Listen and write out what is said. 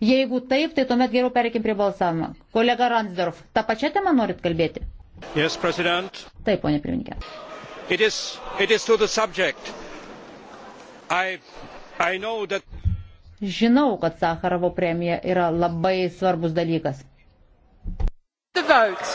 Jeigu taip, tai tuomet geriau pereikim prie balsavimo. Kolega Ransdorf, tą pačią temą norit kalbėti? Yes, president. Taip, ponė pirmininkė. It is, it is I, I that... Žinau, kad Sakarovo premija yra labai svarbus dalykas. The vote.